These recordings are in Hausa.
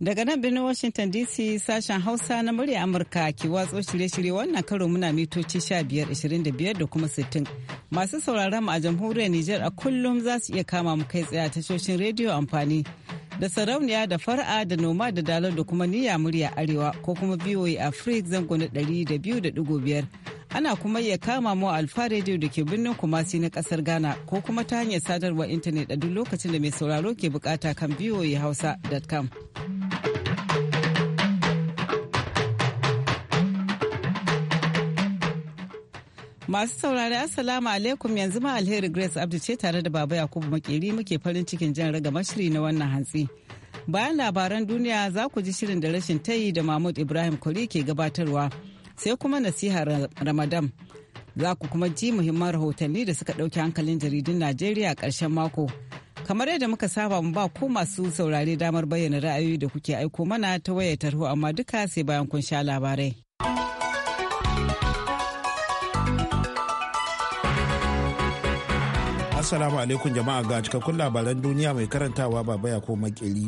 Daga nan birnin Washington DC sashen Hausa na murya Amurka ke watso shirye-shirye wannan karo muna mitoci 15-25 da kuma 60. Masu sauraron mu a jamhuriyar Nijar a kullum za su iya kama mu kai tsaye a tashoshin rediyo amfani da sarauniya da fara da noma da dalar da kuma niyya murya arewa ko kuma a Africa zango na 200.5 ana kuma iya kama mu alfa radio da ke birnin kumasi na kasar ghana ko kuma ta hanyar sadarwar intanet a duk lokacin da mai sauraro ke bukata kan hausa.com Masu saurari Assalamu alaikum yanzu ma alheri Grace Abdu ce tare da Baba Yakubu Makeri muke farin cikin jan raga mashiri na wannan hantsi. Bayan labaran duniya za ku ji shirin da rashin tayi da Mahmud Ibrahim Kori ke gabatarwa. sai kuma nasihar Ramadan. Za ku kuma ji muhimman rahotanni da suka ɗauki hankalin jaridun Najeriya karshen mako. Kamar yadda muka saba mu ba ku masu saurare damar bayyana ra'ayoyi da kuke aiko mana ta wayar tarho amma duka sai bayan kun sha labarai. Assalamu alaikum jama'a ga cikakkun labaran duniya mai karantawa babaya ko makili.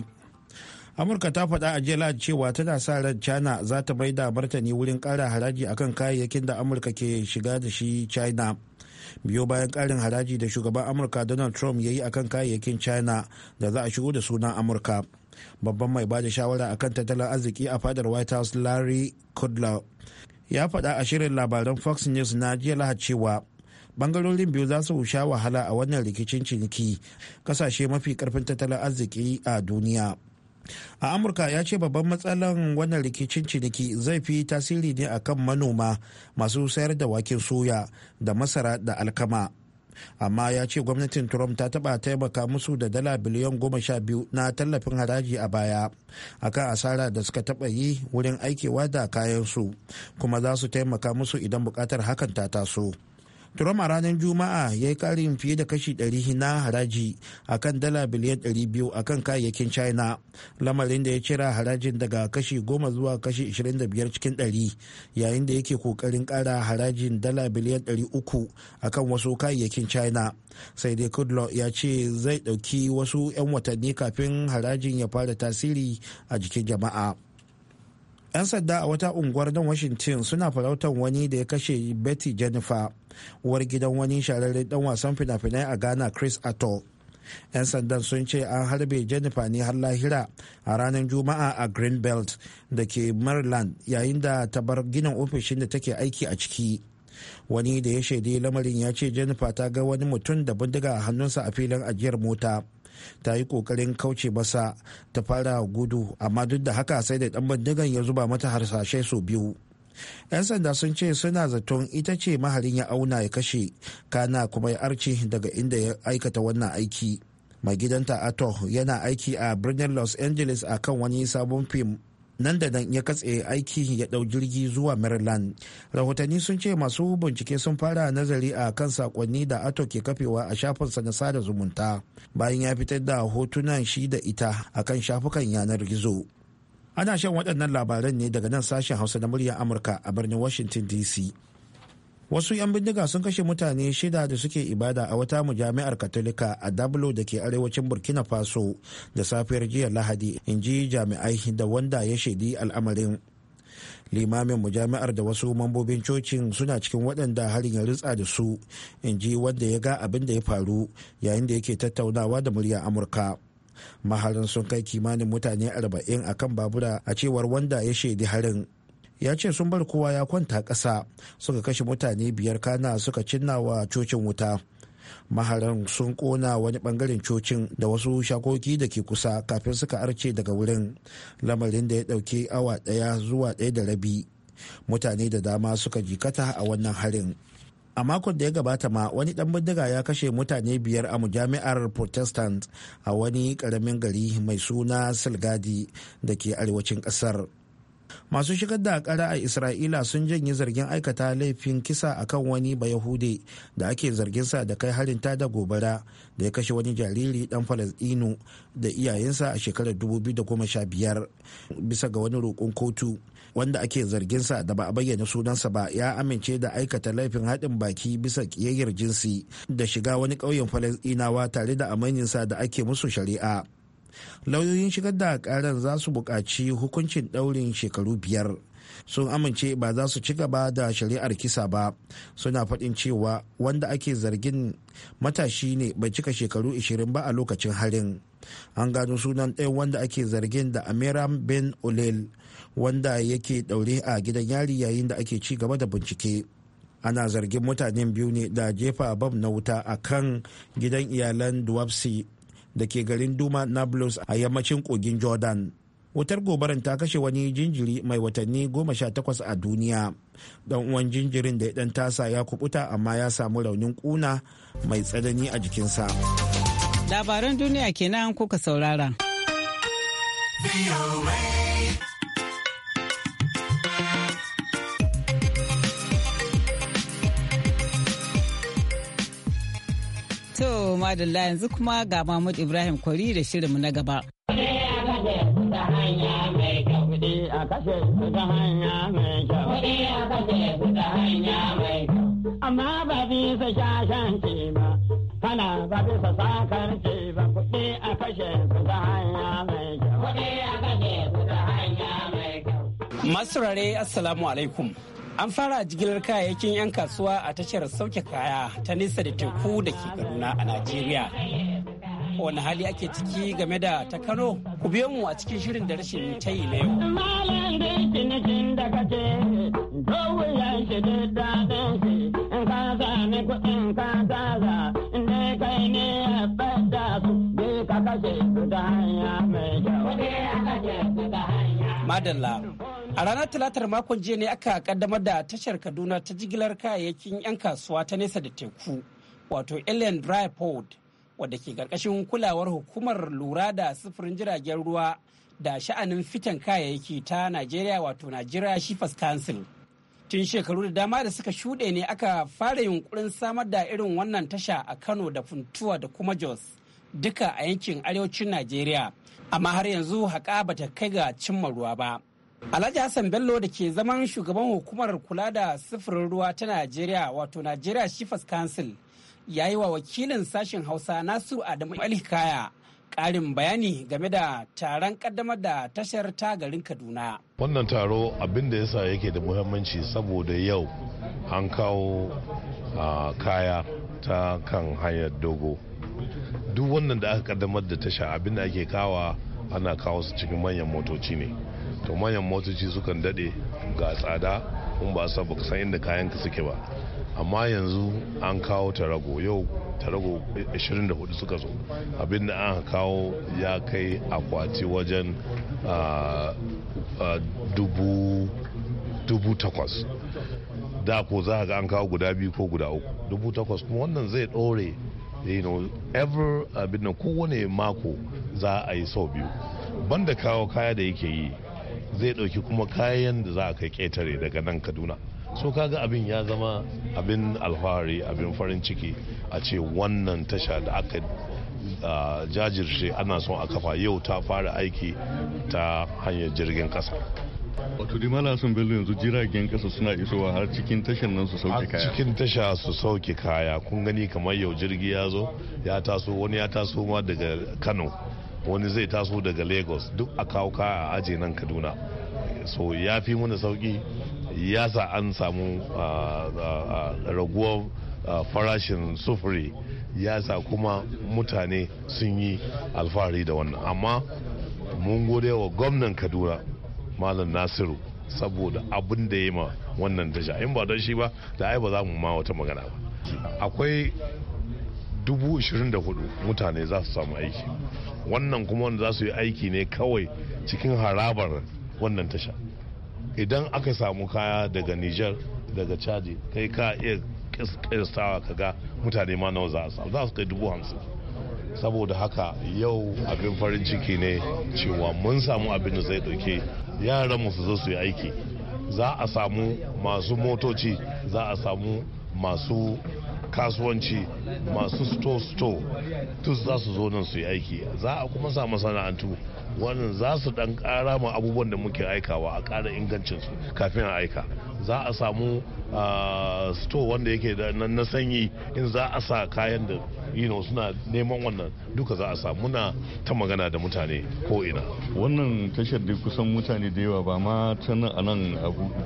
amurka ta faɗa a jela cewa tana sa ran china za ta mai da martani wurin ƙara haraji akan kayayyakin da amurka ke shiga da shi china biyo bayan ƙarin haraji da shugaban amurka donald trump ya yi akan kayayyakin china da za a shigo da sunan amurka babban mai bada shawara akan tattalin arziki a fadar white house larry kudlow ya faɗa a shirin labaran fox news na jiya lahad cewa bangarorin biyu za su sha wahala a wannan rikicin ciniki kasashe mafi karfin tattalin arziki a duniya a amurka ya ce babban matsalan wannan rikicin ciniki zai fi tasiri ne akan manoma masu sayar da waken soya da masara da alkama amma ya ce gwamnatin trump ta taba taimaka musu da dala biliyan goma sha biyu na tallafin haraji a baya akan asara da suka taba yi wurin aikewa da kayansu kuma za su taimaka musu idan bukatar hakan ta taso. Trump a ranar Juma'a ya yi karin fiye da kashi 100 na haraji a kan dala biliyan 200 kan kayayyakin China, lamarin da ya cira harajin daga kashi 10 zuwa kashi 25 cikin 100 yayin da yake kokarin kara harajin dala biliyan 300 kan wasu kayayyakin China. Sai dai Kudlow ya ce zai ɗauki wasu 'yan watanni kafin harajin ya fara tasiri a jikin jama'a. 'yan sanda a wata unguwar nan washington suna farautar wani da ya kashe betty jennifer uwar gidan wani shahararren dan wasan fina-finai a ghana chris ato 'yan sandan sun ce an harbe jennifer ne har lahira a ranar juma'a a greenbelt da ke maryland yayin da ta bar ginin ofishin da take aiki a ciki wani da ya shaidi lamarin ya ce jennifer ta ga wani mutum da bindiga a hannunsa a filin ajiyar mota ta yi kokarin kauce masa ta fara gudu amma duk da haka sai da dan bindigan ya zuba mata harsashe sau biyu 'yan sanda sun ce suna zaton ita ce maharin ya auna ya kashe kana kuma ya arce daga inda ya aikata wannan aiki mai gidanta ato yana aiki a birnin los angeles a kan wani sabon fim nan da nan ya katse aiki ya ɗau jirgi zuwa maryland rahotanni sun ce masu bincike sun fara nazari a kan sakonni da ato ke kafewa a shafinsa na sada zumunta bayan ya fitar da hotunan shi da ita a kan shafukan yanar gizo ana shan waɗannan labaran ne daga nan sashen hausa na muryar amurka a birnin washington dc wasu 'yan bindiga sun kashe mutane shida da suke ibada a wata mujami'ar katolika a dablo da ke arewacin burkina faso da safiyar jiya lahadi in ji jami'ai da wanda ya shaidi al'amarin limamin mujami'ar da wasu mambobin cocin suna cikin waɗanda harin ya ritsa da su in ji wanda ya ga abin da ya faru yayin da yake tattaunawa da murya amurka maharin sun kai kimanin mutane 40 a kan babura a cewar wanda ya shaidi harin ya ce sun bar kowa ya kwanta ƙasa suka kashe mutane biyar kana suka cinna wa cocin wuta maharan sun kona wani bangaren cocin da wasu shakoki da ke kusa kafin suka arce daga wurin lamarin da ya ɗauki awa ɗaya zuwa ɗaya da rabi mutane da dama suka jikata a wannan harin a makon da ya gabata ma wani dan bindiga ya kashe mutane biyar a mujami'ar protestant a wani karamin gari mai suna silgadi da ke arewacin kasar masu shigar da kara a isra'ila sun janye zargin aikata laifin kisa akan wani bayahude da ake zargin sa da kai harin da gobara da ya kashe wani jariri dan falasdino da iyayensa a shekarar 2015 bisa ga wani roƙon kotu wanda ake zarginsa da ba a bayyana sunansa ba ya amince da aikata laifin haɗin baki bisa ƙiyayyar jinsi da shiga wani ƙauyen falasɗinawa tare da amaininsa da ake musu shari'a lauyoyin shigar da ƙaran za su buƙaci hukuncin ɗaurin shekaru biyar sun amince ba za su ci gaba da shari'ar kisa ba suna faɗin cewa wanda ake zargin matashi ne bai cika shekaru 20 ba a lokacin harin an gano sunan ɗaya wanda ake zargin da amiram ben olel wanda yake daure a gidan yari yayin da ake ci gaba da bincike ana zargin mutanen biyu ne da jefa bab na wuta a kan gidan iyalan duwapsi da ke garin duma nablus a yammacin kogin jordan wutar gobaran ta kashe wani jinjiri mai watanni goma sha takwas a duniya dan uwan jinjirin da ya dan tasa ya kubuta amma ya samu raunin kuna mai tsanani a jikinsa labaran duniya kenan kuka saurara. To madalla yanzu kuma ga Mahmud Ibrahim Kwari da shirinmu na gaba. Amma ba bisa shashan ce ba, kana ba bisa sakar ce ba kuɗi a kashe su ta hanya mai kyau. Kuɗi a Assalamu alaikum. An fara jigilar kayayyakin 'yan kasuwa a tashar sauke kaya ta nesa da teku da ke Kaduna a Najeriya. Wani hali ake ciki game da ta Kano? Ku biyo mu a cikin shirin da rashin ta yi na yau. Madalla. A ranar talatar makon jiya ne aka kaddamar da tashar Kaduna ta jigilar kayayyakin 'yan kasuwa ta nesa da teku, wato Ellen Drypod, wadda ke karkashin kulawar hukumar lura da sufurin jiragen ruwa da sha'anin fitan kayayyaki ta Najeriya wato Najeriya Shippers Council. Tun shekaru da dama da suka shuɗe ne aka fara yunkurin samar da irin wannan tasha a Kano da Funtuwa da kuma Jos, duka a yankin arewacin Najeriya, amma har yanzu haƙa bata kai ga cimma ruwa ba. Alhaji Hassan Bello da ke zaman shugaban hukumar kula da sufurin ruwa ta Najeriya wato Najeriya Shifas Council ya yi wa wakilin sashen Hausa Nasiru Adamu Alhikaya karin bayani game da taron ƙaddamar da tashar ta garin Kaduna. Wannan taro abin da yasa yake da muhimmanci saboda yau an kawo kaya ta kan hanyar dogo. Duk wannan da aka ƙaddamar da tasha abin da ake kawa ana kawo su cikin manyan motoci ne. to manyan motoci sukan dade ga tsada in ba sa baka san inda kayanka suke ba amma yanzu an kawo tarago yau tarago 24 suka zo abin da an kawo ya kai akwati wajen dubu takwas da ko za ga an kawo guda biyu ko guda uku dubu takwas kuma wannan zai dore you know ever abin nan kowane mako za a yi sau biyu banda kawo kaya da yake yi zai ɗauki kuma kayan da za a kai ƙetare daga nan kaduna so kaga abin ya zama abin alfahari abin farin ciki a ce wannan tasha da aka jajirce ana son a kafa yau ta fara aiki ta hanyar jirgin kasa wato di sun bello yanzu jiragen kasa suna isowa har cikin tashar nan su sauke kaya har cikin tasha su sauke kaya kun gani kamar yau jirgi ya zo ya taso wani ya taso ma daga kano wani zai taso daga lagos duk a kawo kaya a aje nan kaduna so ya fi mana sauki ya sa an samu ah, ah, ah, raguwar farashin sufuri ya sa kuma mutane sun yi alfahari da wannan amma mun gode wa gwamnan kaduna malam nasiru saboda abin da ya ma wannan tasha in ba don shi ba da ai ba za mu ma wata magana ba akwai dubu ishirin mutane za su samu aiki wannan kuma wanda za su yi aiki ne kawai cikin harabar wannan tasha idan aka samu kaya daga niger daga chadi kai ka iya ka ga mutane ma nawa za a za su kai dubu hamsin saboda haka yau abin farin ciki ne cewa mun samu abin da zai ɗauki yaran su zo su yi aiki za a samu masu motoci za a samu masu kasuwanci masu sto-sto duk za su zo nan su yi aiki za a kuma sa masana'antu wannan za su dan kara ma abubuwan da muke aikawa a kara ingancin su kafin a aika za a samu ah, store wanda yake da na sanyi in za a sa kayan da suna neman wannan duka za a samu muna ta magana da mutane ko ina wannan tashar da kusan mutane da yawa ba ma ta nan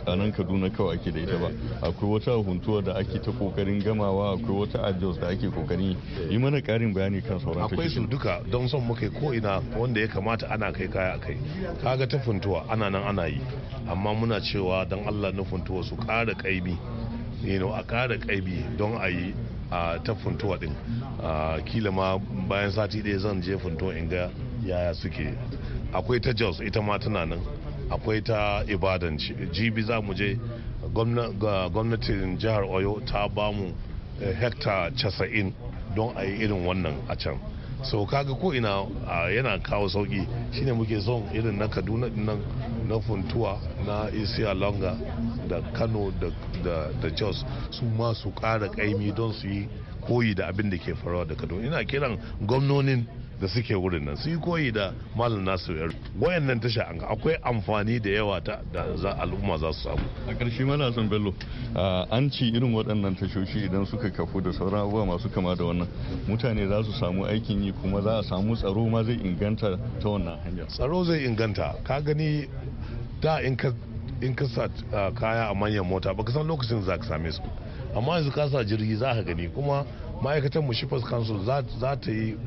a nan kaduna kawai ake da ita ba akwai wata huntuwa da ake ta kokarin gamawa akwai wata ajiyos da ake kokarin yi mana karin bayani kan sauran akwai su duka don son muke ko ina wanda ya kamata ana ana kai kaya a kai kaga ta funtuwa ana nan ana yi amma muna cewa don allah na funtuwa su kara ƙaimi a kara kaibi don a yi a ta funtuwa din kila ma bayan sati ɗaya zan je funtuwa in ga yaya suke akwai ta jos ita ma tana nan akwai ta ibadan jibi za mu je gwamnatin jihar oyo ta bamu eh, hekta 90 don a yi irin wannan a can so kaga ko ina yana kawo sauki shine muke son irin na kaduna nan na funtuwa na isiya longa da kano da jos su ma su kara kaimi don su yi koyi da abin da ke farawa da kaduna ina kiran gwamnonin da suke wurin nan su yi koyi da malam nasu yar wayannan tasha an akwai amfani da yawa ta da al'umma za su samu a ƙarshe mana son bello an ci irin waɗannan tashoshi idan suka kafu da sauran abubuwa masu kama da wannan mutane za su samu aikin yi kuma za a samu tsaro ma zai inganta ta wannan hanya tsaro zai inganta ka gani da in ka in ka sa kaya a manyan mota baka san lokacin za ka same su amma yanzu ka sa jirgi za ka gani kuma ma'aikatan mu shifas council za ta yi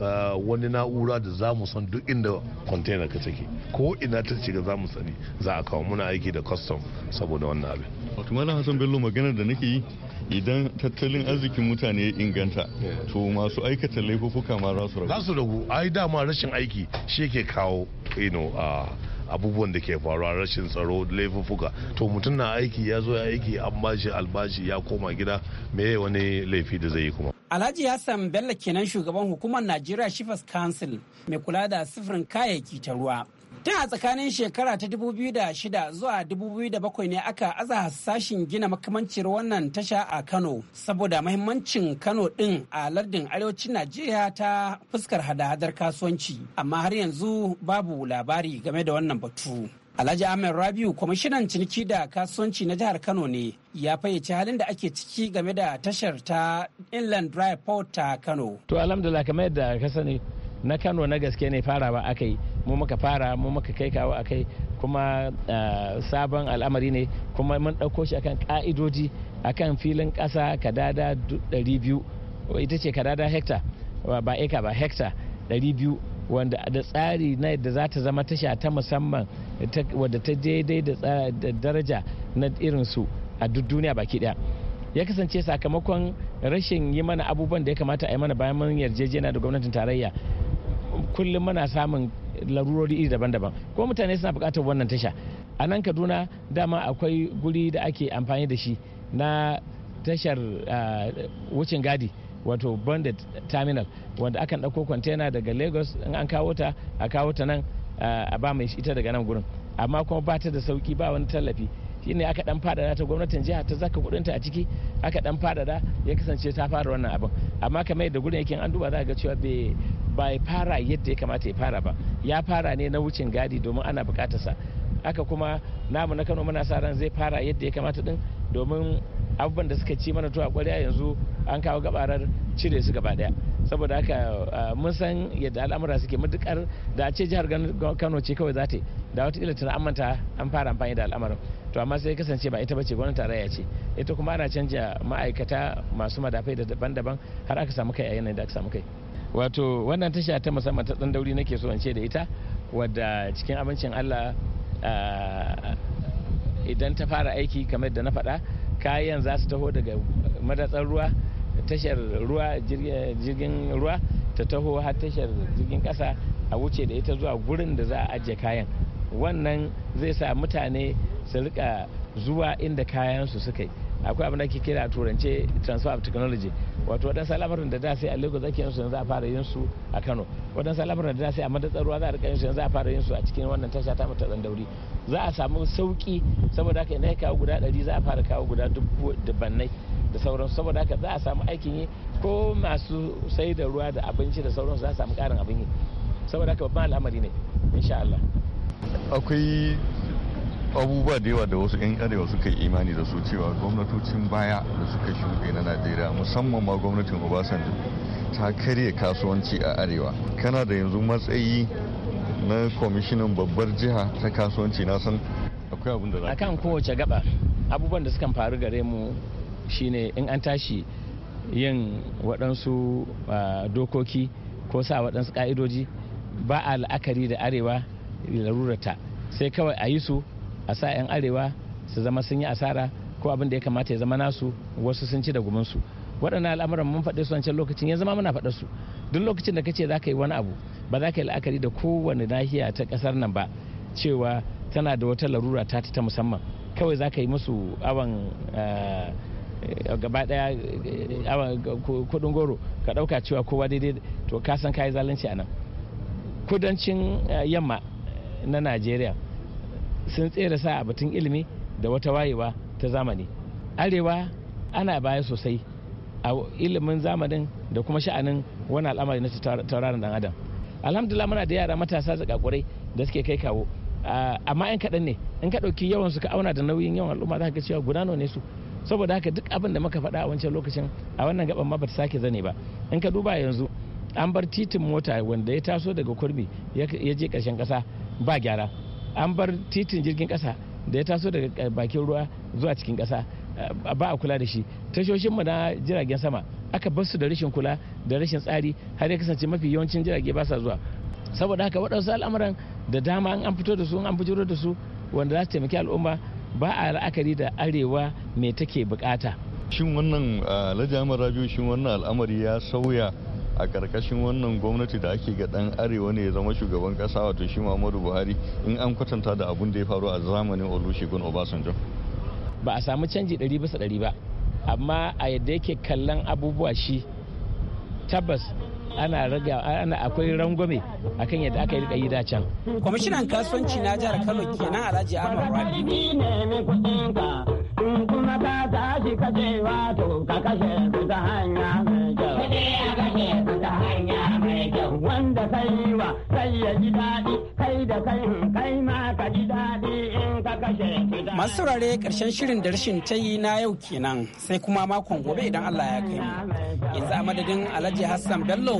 Ah, wani na'ura da za mu san duk inda container ka take ko ina ta shiga za mu sani za a kawo muna aiki da custom saboda wannan abin wato mana hasan bello maganar da nake yi idan tattalin arzikin mutane ya inganta to masu aikata laifuka ma za su ragu za su ragu ai dama rashin aiki shi ke kawo ino a abubuwan da ke faruwa rashin tsaro laifuka to mutum na aiki ya zo ya aiki an bashi albashi ya koma gida me wani laifi da zai yi kuma Alhaji Hassan Bello kenan shugaban hukumar Najeriya Shifas Council mai kula da sifirin kayayyaki ta ruwa. Tun a tsakanin shekara ta 2006 zuwa 2007 ne aka aza hasashin gina makamancin wannan tasha a Kano saboda mahimmancin Kano din a lardin arewacin Najeriya ta fuskar hada-hadar kasuwanci amma har yanzu babu labari game da wannan batu. Alhaji Ahmed Rabiu kwamishinan ciniki da kasuwanci na jihar Kano ne ya fayyace halin da ake ciki game da tashar ta Inland Drive Port ta Kano. To alhamdulillah kamar yadda ka sani na Kano na gaske ne farawa aka yi mu muka fara mu muka kai kawo akai kuma ah, sabon al'amari ne kuma mun ɗauko shi akan ka'idoji akan filin ƙasa kadada 200 ita ce kadada hekta ba eka ba hekta biyu. wanda da tsari na yadda za ta zama tasha ta musamman wadda ta daidai da daraja na irinsu a duk duniya baki daya ya kasance sakamakon rashin yi mana abubuwan da ya kamata a yi mana bayan mun yarjejena da gwamnatin tarayya kullum muna samun larurori iri daban-daban ko mutane suna bukatar wannan tasha a nan kaduna dama akwai guri da ake amfani da shi na tashar ah, wucin gadi wato bonded terminal wanda akan ɗauko kwantena daga lagos in an kawo ta a kawo ta nan a ba mai ita daga nan gurin amma kuma ba ta da sauki ba wani tallafi shine aka dan fadada ta gwamnatin jiha ta zaka ta a ciki aka dan fadada ya kasance ta fara wannan abin amma kamar yadda gurin yake an duba za ga cewa bai bai fara yadda ya kamata ya fara ba ya fara ne na wucin gadi domin ana bukatarsa aka kuma namu na Kano muna sa ran zai fara yadda ya kamata din domin abubuwan da suka ci mana to a kwarya yanzu an kawo gabarar cire su gaba daya saboda haka mun san yadda al'amura suke matukar da a ce jihar kano ce kawai zata da da ila tana amanta an fara amfani da al'amarin to amma sai kasance ba ita bace gwamnatin tarayya ce ita kuma ana canja ma'aikata masu madafai da daban-daban har aka samu kai a yanayin da aka samu kai wato wannan tasha ta musamman ta dan dauri nake so in ce da ita wadda cikin abincin allah idan ta fara aiki kamar da na faɗa kayan za su taho daga madatsar ruwa tashar ruwa jirgin ruwa ta taho har tashar jirgin kasa a wuce da ita zuwa gurin da za a ajiye kayan wannan zai sa mutane su rika zuwa inda kayan su suka yi akwai abin da ke kira a turance transfer of technology wato waɗansu al'amarin da da sai a lagos ake yin su yanzu a fara yin su a kano waɗansu al'amarin da da sai a madatsar ruwa za a rika yin su yanzu a fara yin su a cikin wannan tasha ta mata tsandauri za a samu sauki saboda haka ina kawo guda ɗari za a fara kawo guda dubannai da sauransu saboda haka za a samu aikin yi ko masu sai da ruwa da abinci da sauransu za a samu karin abin yi saboda haka babban al'amari ne insha Allah akwai abubuwa da yawa da wasu 'yan arewa suka yi imani da su cewa gwamnatocin baya da suka shuɗe na najeriya musamman ma gwamnatin obasanjo ta karya kasuwanci a arewa kana da yanzu matsayi na kwamishinan babbar jiha ta kasuwanci na san akwai abin da za a kan kowace gaba abubuwan da sukan faru gare mu shine in an tashi yin waɗansu uh, dokoki ko sa waɗansu ƙa'idoji ba a la'akari da arewa larurata sai kawai a yi su a sa 'yan arewa su zama sun yi asara ko abin da ya kamata ya zama nasu wasu sun ci da gumansu waɗannan al'amuran mun faɗe su wancan lokacin ya zama muna faɗa su duk lokacin da kace za ka yi wani abu ba za ka yi la'akari da kowane nahiya ta ƙasar nan ba cewa tana da wata larura ta ta musamman kawai za ka yi musu awon uh, Eh, gaba daya eh, kudin goro ka dauka cewa kowa daidai to ka san kayi zalunci a nan kudancin eh, yamma na najeriya sun tsere sa a batun ilimi da wata wayewa ta zamani arewa ana baya sosai a ilimin zamanin da kuma sha'anin wani al'amari na tauraron dan adam alhamdulillah muna da yara matasa zakakurai da suke kai kawo ah, amma yan kaɗan ne in ka ɗauki yawan su ka auna da nauyin yawan al'umma za ka cewa guda ne su saboda haka duk abin da muka faɗa a wancan lokacin a wannan gaban ma bata sake zane ba in ka duba yanzu an bar titin mota wanda ya taso daga kurmi ya je ƙarshen ƙasa ba gyara an bar titin jirgin ƙasa da ya taso daga eh, bakin ruwa zuwa cikin ƙasa eh, ba a kula da shi tashoshin mu na jiragen sama aka bar su da rashin kula da rashin tsari har ya kasance mafi yawancin jirage ba sa zuwa saboda haka waɗansu al'amuran da dama an fito da su an fito da su wanda za su taimaki al'umma ba a la'akari da arewa me take bukata shin wannan lajamar rajo shin wannan al'amari ya sauya a karkashin wannan gwamnati da ake ga dan arewa ne ya zama shugaban kasa wato shi muhammadu buhari in an kwatanta da abun da ya faru a zamanin olusegun obasanjo ba a samu canji ɗari bisa ɗari ba amma a yadda yake kallon abubuwa shi tabbas ana raga ana akwai rangwame akan yadda aka yi rika yi da can kwamishinan kasuwanci na jihar Kano kenan Alhaji Ahmad Rabi kuma ka tashi ka ce wato ka kashe su ta hanya mai kyau. Kuɗi ya kashe su ta hanya mai kyau. Wanda kai wa sai ya ji daɗi kai da kai kai ma ka ji daɗi. Masu saurare karshen shirin da rashin ta yi na yau kenan sai kuma makon gobe idan Allah ya kai mu. Yanzu a madadin Alhaji Hassan Bello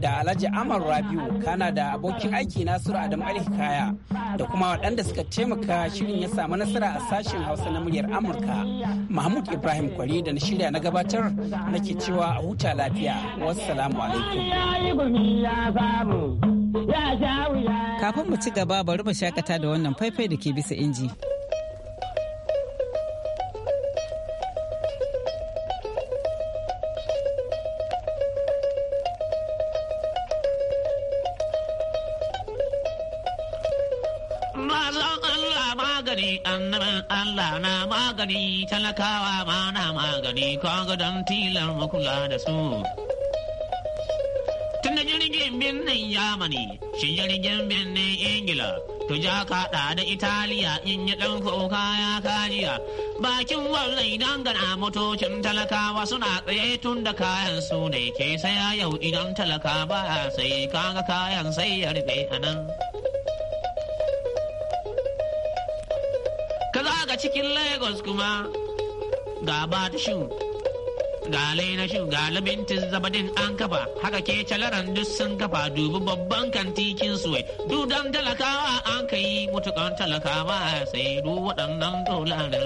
da Alhaji Amar Rabiu kana da abokin aiki Nasiru Adam Alhikaya da kuma waɗanda suka taimaka shirin ya samu nasara a sashen Hausa na muryar Amurka. Mahmud Ibrahim Kwari da na shirya na gabatar nake cewa a huta lafiya. Wassalamu alaikum. Kafin mu ci gaba bari mu shakata da wannan faifai da ke bisa inji. magani annabin Allah na magani talakawa ma na magani kwa gudan tilar makula da su. birnin yamani shi jirgin birnin ingila ja kaɗa da italiya in yi ɗan kuka ya kajiya bakin wannan idan gana motocin talakawa suna tsaye tun da kayan su ne ke saya yau idan talaka ba sai kaga kayan sai ya rufe a nan ka cikin lagos kuma ga ba ga na shi ga zabadin an kafa haka ke calaran duk sun kafa dubi babban kantikin suwai dudan talakawa an ka yi mutukan talakawa sai du waɗannan dolarar da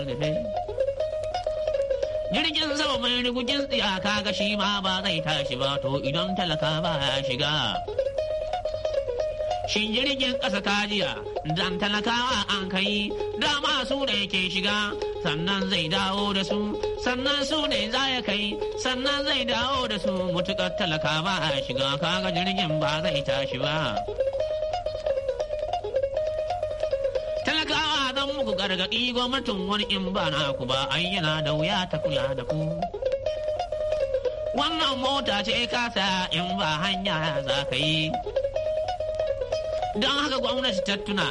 jirgin sama mai rigujin tsiyaka ga shi ma ba zai tashi ba to idan talakawa ya shiga shin jirgin ƙasa kajiya dan talakawa an kai dama su da yake shiga sannan zai dawo da su sannan su ne za ya kai sannan zai dawo da su mutuƙar talaka ba a shiga kaga jirgin ba zai tashi ba talakawa zan muku gargaɗi gwamnatin wani in ba na ku ba ayyana da wuya ta kula da ku wannan mota ce kasa in ba hanya za ka yi don haka gwamnati ta tuna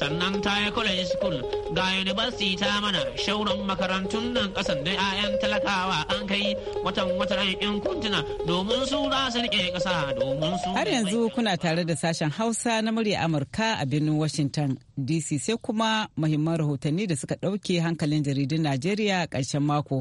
sannan ta yi kula school ga university ta mana shauran makarantun nan kasan da 'ya'yan talakawa an kai watan watan yan kuntuna domin su za su rike kasa domin su har yanzu kuna tare da sashen hausa na murya amurka a birnin washington dc sai kuma muhimman rahotanni da suka ɗauke hankalin jaridun najeriya a ƙarshen mako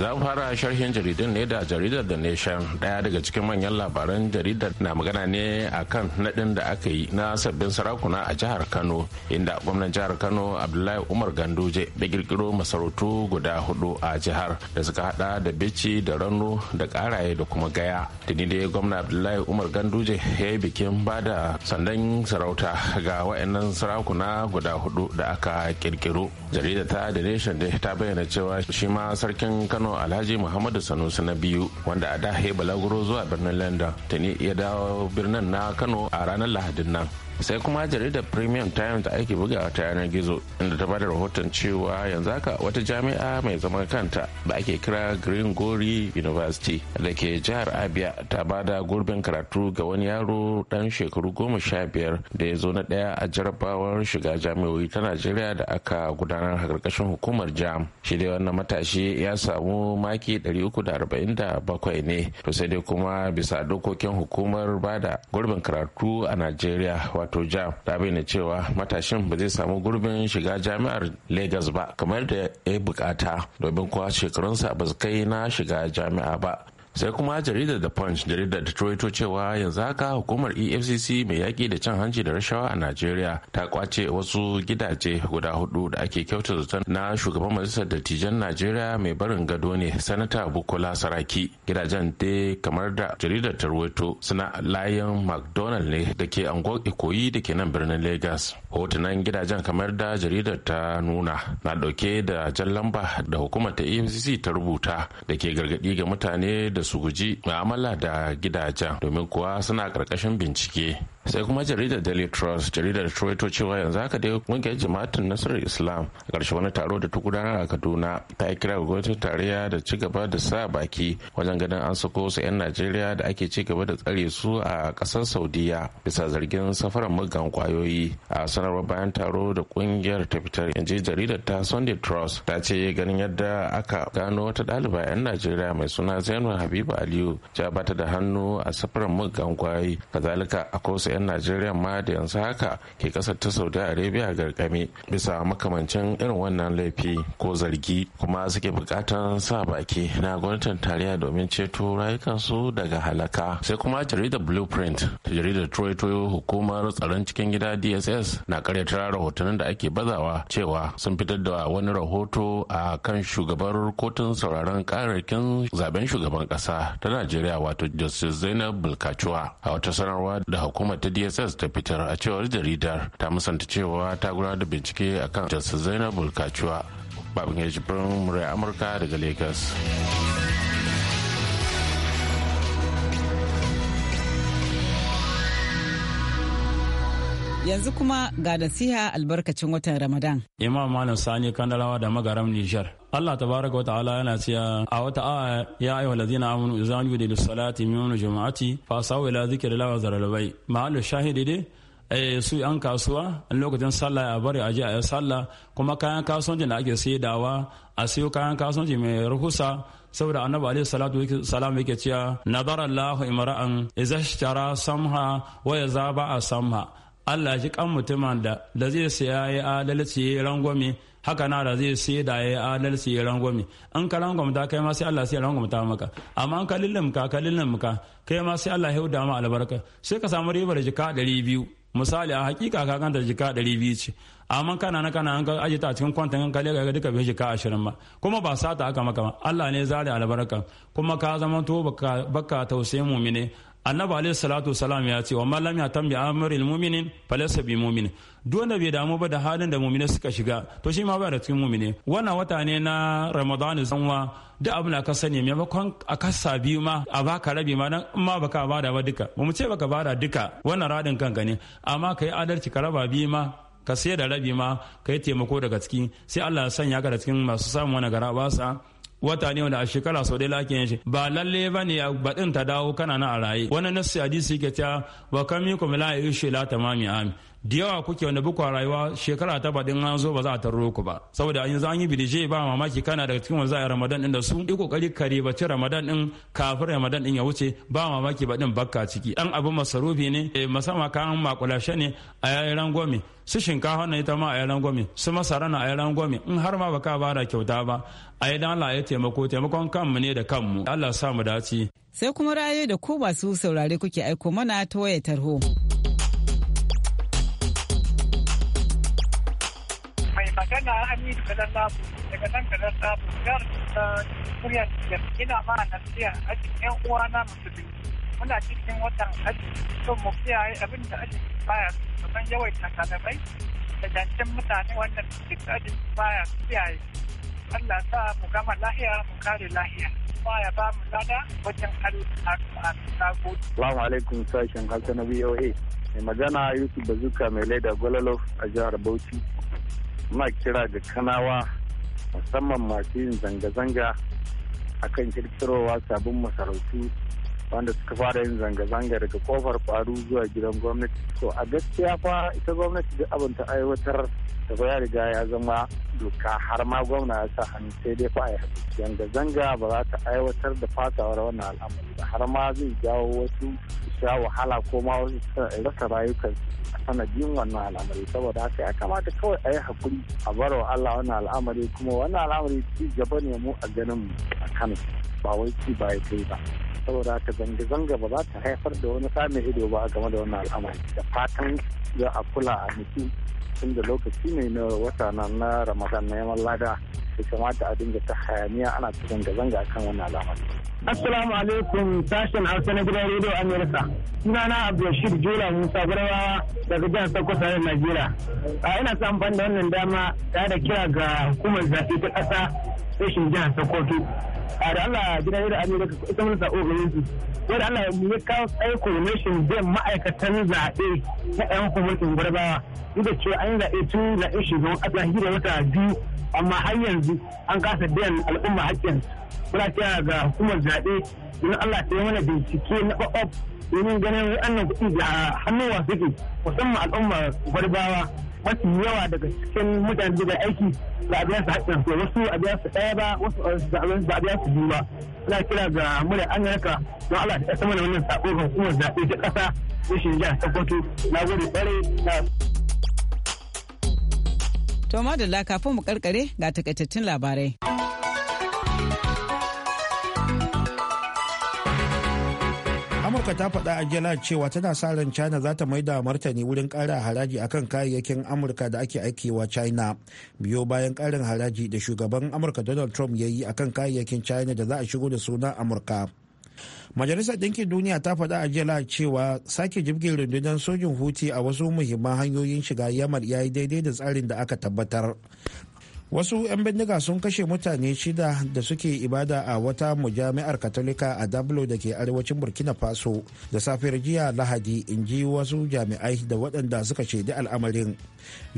za mu fara sharhin jaridun ne da jaridar da nation daya daga cikin manyan labaran jaridar na magana ne a kan nadin da aka yi na sabbin sarakuna a jihar kano inda gwamnan jihar kano abdullahi umar ganduje da kirkiro masarautu guda hudu a jihar da suka hada da bici da rano da karaye da kuma gaya da ni dai gwamna abdullahi umar ganduje ya yi bikin ba da sandan sarauta ga wa'annan sarakuna guda hudu da aka kirkiro jaridar ta da nation ta bayyana cewa shi ma sarkin kano kano alhaji muhammadu sanusi na biyu wanda a da ya balaguro zuwa birnin london tuni ya dawo birnin na kano a ranar lahadin nan sai kuma jaridar premium times da ake bugawa ta yanar gizo inda ta bada rahoton cewa yanzu haka wata jami'a mai zaman kanta da ake kira green gori university da ke jihar abia ta bada gurbin karatu ga wani yaro dan shekaru goma sha biyar da ya zo na daya a jarabawar shiga jami'o'i ta najeriya da aka gudanar a karkashin hukumar jam shi dai wannan matashi ya samu maki da 347 ne to sai dai kuma bisa dokokin hukumar bada gurbin karatu a najeriya wato jam ta bayyana cewa matashin ba zai samu gurbin shiga jami'ar Legas ba kamar da ya bukata domin kuwa shekarunsa ba su kai na shiga jami'a ba sai kuma jaridar da punch jaridar da cewa yanzu haka hukumar efcc mai yaƙi da cin hanci da rashawa a najeriya ta kwace wasu gidaje guda hudu da ake kyauta zaton na shugaban majalisar dattijan najeriya mai barin gado ne sanata bukola saraki gidajen dai kamar da jaridar tarwato suna layin mcdonald ne da ke angon ikoyi da ke nan birnin Legas. hotunan gidajen kamar da jaridar ta nuna na dauke da jan lamba da hukumar ta efcc ta rubuta da ke gargadi ga mutane da da su guji mu'amala da gidajen domin kuwa suna ƙarƙashin bincike sai kuma jaridar daily trust jaridar troito cewa yanzu haka dai kungiyar jama'atin nasarar islam a ƙarshe wani taro da ta gudanar a kaduna ta yi kira gwamnatin tarayya da ci gaba da sa baki wajen ganin an sako su 'yan najeriya da ake ci gaba da tsare su a ƙasar saudiya bisa zargin safarar muggan kwayoyi a sanarwar bayan taro da kungiyar ta fitar ji jaridar ta sunday trust ta ce ganin yadda aka gano wata ɗaliba 'yan najeriya mai suna zainul habibu aliyu ta bata da hannu a safarar muggan kwayoyi kazalika a kosa 'yan najeriya ma da yanzu haka ke kasar ta saudi arabia garkami bisa makamancin irin wannan laifi ko zargi kuma suke bukatar sa baki na gwamnatin tarayya domin ceto rayukansu daga halaka sai kuma jaridar blueprint ta jaridar troito hukumar tsaron cikin gida dss na tara rahotannin da ake bazawa cewa sun fitar da wani rahoto a kan shugabar kotun sauraron kararrakin zaben shugaban kasa ta najeriya wato justice zainab bulkacuwa a wata sanarwa da hukumar ta dss ta fitar a cewar jaridar ta musanta cewa ta gudanar da bincike akan jasa zainab bulkacuwa babin ya murai amurka daga lagos Yanzu kuma ga nasiha albarkacin watan Ramadan. Imam Malam Sani Kandalawa da magaram Nijar. Allah tabaraka wa ta'ala yana cewa a wata a ya ayyuhal ladzina amanu idza nudiya lis-salati min yawmil jumu'ati fasaw ila dhikrillahi wa zarul bay. Ma'al shahidi eh su an kasuwa a lokacin sallah a bari aje a sallah kuma kayan kasuwanci da ake dawa a siyo kayan kasuwanci mai ruhusa saboda annabi alaihi salatu salam yake cewa nadara allahu imra'an idza ishtara samha wa yaza ba'a samha Allah shi kan mutumin da da zai saya ya adalci ya rangwame haka na da zai siya da ya adalci ya rangwame an ka rangwamta kai ma sai Allah sai rangwamta maka amma an ka lillimka ka lillimka kai ma sai Allah ya huda ma albarka sai ka samu ribar jika ɗari biyu misali a hakika ka kanta jika ɗari biyu ce amma kana na kana an aje ta cikin kwanta kan kale ga duka bai jika ashirin ba kuma ba sata aka maka ba Allah ne zare albarka kuma ka zama to baka baka tausayin mumine annabi alaihi salatu salam ya ce wa lam ya bi amril mu'minin falaysa bi mu'min duk wanda bai damu ba da halin da mu'mina suka shiga to shi ma ba da cikin mu'mine wannan wata ne na ramadan zanwa duk abin da ka sani maimakon a kasa biyu ma a baka rabi ma dan in ma baka bada ba duka mu ce baka bada duka wannan radin kanka ne amma yi adalci ka raba biyu ma ka sai da rabi ma ka yi taimako daga ciki sai Allah ya sanya ka da cikin masu samun wani garaba sa. wata ne wanda a shekara sau ɗaya lakin yanzu ba lalle ba ne baɗin ta dawo kana na a raye wani nasu hadisi ke cewa wa kam minkum la shi la tamami amin da yawa kuke wanda buka rayuwa shekara ta baɗin an zo ba za a tarro ku ba saboda an yi bidije ba mamaki kana daga cikin wanzu a ramadan ɗin da su yi kokari kare ci ramadan ɗin kafin ramadan ɗin ya wuce ba mamaki baɗin bakka ciki ɗan abin masarufi ne eh, masama kayan makulashe ne a yayin rangwame su shinkafa na ita ma a yaran gwami su masara na a yayin gwami in har ma baka ba da kyauta ba a yi dan Allah ya taimako taimakon kanmu ne da kanmu Allah sa mu dace sai kuma ra'ayoyi da ku masu saurare kuke aiko mana ta wayar tarho. magana Aminu Kadan Labu daga nan Kadan Labu jihar Kuriya Tijjani ina ma a Najeriya a cikin 'yan uwana musulmi. Muna cikin watan aji to mu kiyaye abin da aji baya kaman yawaita talibai da jancin mutane wannan duk aji baya kiyaye. Allah sa mu gama lahiya mu kare lahiya. baya ba mu wajen alaƙo. Salamu alaikum sashen Hausa na BOA. Mai magana Yusuf Bazuka mai laida Gwalalo a jihar Bauchi. muna kira da kanawa musamman masu yin zanga-zanga a kan kirkirowa sabon masarautu wanda suka fara yin zanga-zanga daga kofar kwaru zuwa gidan gwamnati to a gaskiya fa ita gwamnati da abin ta aiwatar da ya riga ya zama doka har ma gwamna ya sa hannu sai dai fa fi. zanga-zanga ba za ta aiwatar da fatawar wannan al'amari ba har ma zai jawo wasu sha wahala ko ma wasu rasa rayukansu sanadin wannan al'amari saboda haka ya kamata kawai a yi hakuri a bar wa Allah wannan al'amari kuma wannan al'amari ci gaba ne mu a ganin a Kano ba wai ci ba ya kai ba saboda haka zanga-zanga ba za ta haifar da wani samun ido ba game da wannan al'amari da fatan za a kula a mutum tun da lokaci ne na wata na Ramadan na yaman lada bai kamata a dinga ta hayaniya ana cikin zanga-zanga akan wannan alamar. Assalamu alaikum sashen Hausa na gidan rediyo Amerika. Sunana Abdulrashid Jola Musa Gurawa daga jihar Sokoto tare Najeriya. A ina son amfani da wannan dama tare da kira ga hukumar zafi ta ƙasa rashin jihar sokoto a da allah gidan yadda amurka ita mun sa'o gare su wanda allah ya kawo tsaiko rashin biyan ma'aikatan zaɓe na yan hukumar gwarzawa. duk da cewa an yi zaɓe tun zaɓen shugaban ƙasa gida wata biyu amma har yanzu an kasa biyan al'umma haƙƙin muna kira ga hukumar zaɓe don allah ta yi mana bincike na ɓaɓɓaf domin ganin wa'annan kuɗi da hannuwa suke musamman al'ummar gwarzawa. mafi yawa daga cikin mutane daga aiki ba a biya su haƙƙin su wasu a biya su ɗaya ba wasu ba a biya su biyu ba ana kira ga murya amurka don allah ta sama da wannan sako ga hukumar zaɓe ta ƙasa rashin ta kwato na gode ɓare na. to madalla kafin mu karkare ga takaitattun labarai. amurka ta faɗa a jela cewa tana sa ran china za ta maida martani wurin ƙara haraji akan kayayyakin amurka da ake aikewa china biyo bayan ƙarin haraji da shugaban amurka donald trump ya yi akan kayayyakin china da za a shigo da suna amurka majalisar ɗinkin duniya ta faɗa a jela cewa sake jibgin rundunar sojin huti a wasu muhimman hanyoyin shiga yamar ya yi daidai da tsarin da aka tabbatar wasu 'yan bindiga sun kashe mutane shida da suke ibada a wata mujami'ar katolika a dablo da ke arewacin burkina faso da safiyar jiya lahadi in ji wasu jami'ai da waɗanda suka shaidi al'amarin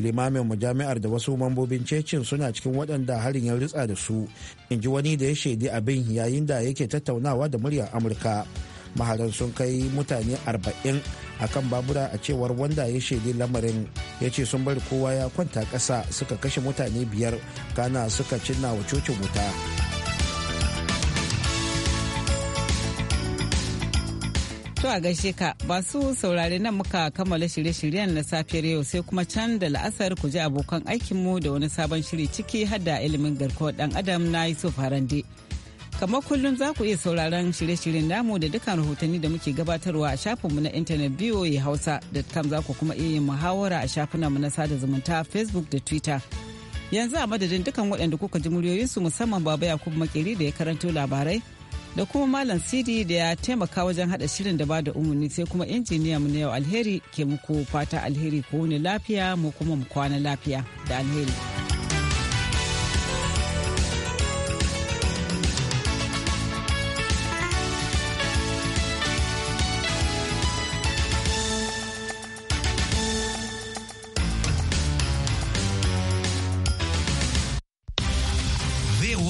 limamin mujami'ar da wasu mambobin cecin suna cikin waɗanda harin ya ritsa da su in ji wani da ya shaidi abin yayin da yake tattaunawa da muryar amurka maharan sun kai mutane 40 a kan babura a cewar wanda ya shaidi lamarin ya ce sun bari kowa ya kwanta ƙasa suka kashe mutane biyar kana suka cinna wa cocin wuta To a gaishe ka basu saurare nan muka kammala shirye-shiryen na safiyar yau sai kuma can da la'asar ku ji abokan aikinmu da wani sabon shiri ciki har da ilimin garkuwar dan adam na Yusuf Harande. kamar kullum za ku iya sauraron shirye-shiryen namu da dukkan rahotanni da muke gabatarwa a shafinmu na intanet voa hausa.com za ku kuma iya yin muhawara a shafinanmu na sada zumunta facebook da twitter yanzu a madadin dukkan waɗanda kuka ji muryoyinsu musamman baba yakubu makeri da ya karanto labarai da kuma malam sidi da ya taimaka wajen haɗa shirin da bada da umarni sai kuma injiniya mu na yau alheri ke muku fata alheri ko wani lafiya mu kuma mu kwana lafiya da alheri.